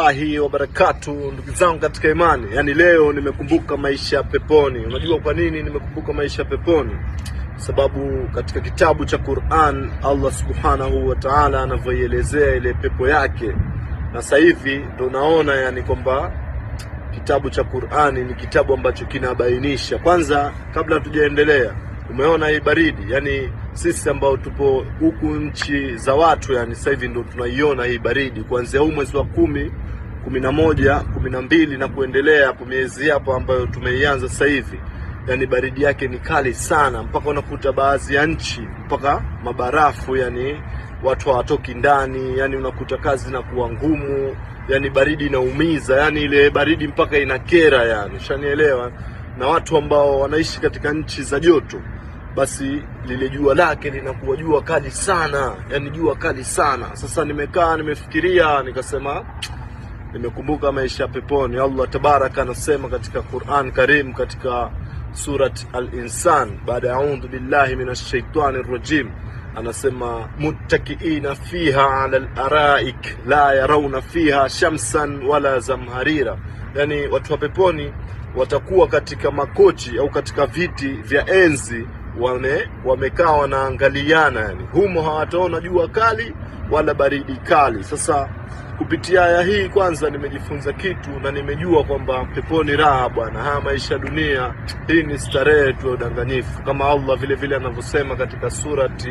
Allahi wa barakatu, ndugu zangu katika imani, yaani leo nimekumbuka maisha ya peponi. Unajua kwa nini nimekumbuka maisha ya peponi? Sababu katika kitabu cha Qur'an Allah subhanahu wa ta'ala anavyoielezea ile pepo yake, na sasa hivi ndo naona yani kwamba kitabu cha Qur'ani ni kitabu ambacho kinabainisha. Kwanza, kabla tujaendelea, umeona hii baridi, yani sisi ambao tupo huku nchi za watu, yani sasa hivi ndo tunaiona hii baridi kuanzia huu mwezi wa kumi kumi na moja kumi na mbili na kuendelea hapo, miezi hapo ambayo tumeianza sasa hivi, yani baridi yake ni kali sana, mpaka unakuta baadhi ya nchi mpaka mabarafu, yani watu hawatoki ndani, yani unakuta kazi inakuwa ngumu, yani baridi inaumiza, yani ile baridi mpaka inakera, yani shanielewa. Na watu ambao wanaishi katika nchi za joto basi lile jua lake linakuwa jua kali sana, yani jua kali sana. Sasa nimekaa nimefikiria, nikasema nimekumbuka maisha peponi. Allah tabarak anasema katika Quran Karim, katika Surat Al-Insan, baada ya audhu billahi minash shaitani rajim, anasema muttakiina fiha ala laraik la yarawna fiha shamsan wala zamharira, yani watu wa peponi watakuwa katika makochi au katika viti vya enzi wame, wamekaa wanaangaliana, yani humo hawataona jua kali wala baridi kali. Sasa Kupitia aya hii kwanza nimejifunza kitu na nimejua kwamba peponi raha bwana. Haya maisha dunia hii ni starehe tu ya udanganyifu, kama Allah vile vile anavyosema katika surati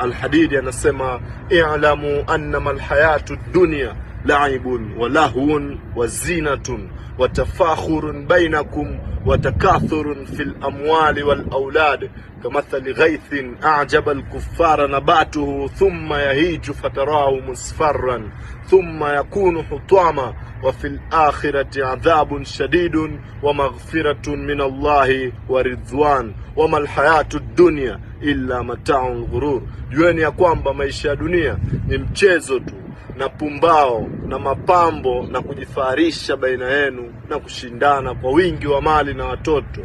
al anasema i'lamu annama lhayatu dunya laibun wa lahwun wa zinatun wa tafakhurun bainakum watakathurun fi lamwali walaulad kamathali ghaithin ajaba alkuffara nabatuhu thumma yahiju fatarahu musfarran thumma yakunu hutama wa fi lakhirati adhabun shadidun wa maghfiratun min Allahi wa ridhwan wama lhayatu dunya illa matau lghurur. Jueni ya kwamba maisha ya dunia ni mchezo tu na pumbao na mapambo na kujifaharisha baina yenu na kushindana kwa wingi wa mali na watoto.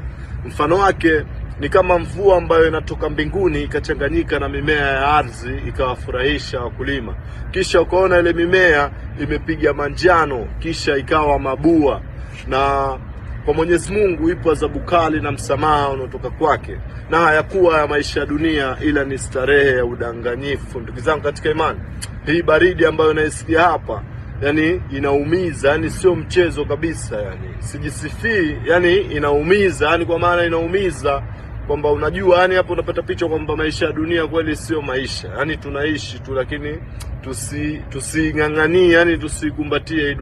Mfano wake ni kama mvua ambayo inatoka mbinguni ikachanganyika na mimea ya ardhi ikawafurahisha wakulima, kisha ukaona ile mimea imepiga manjano, kisha ikawa mabua na kwa Mwenyezi Mungu ipo adhabu kali na msamaha unaotoka kwake, na hayakuwa ya maisha ya dunia, ila ni starehe ya udanganyifu. Ndugu zangu katika imani, hii baridi ambayo naisikia hapa yani inaumiza, yani sio mchezo kabisa, yani sijisifii, yani inaumiza, yani kwa maana inaumiza kwamba unajua, yani hapo unapata picha kwamba maisha ya dunia kweli sio maisha, yani tunaishi tu, lakini tusi tusing'ang'anie, yani tusikumbatie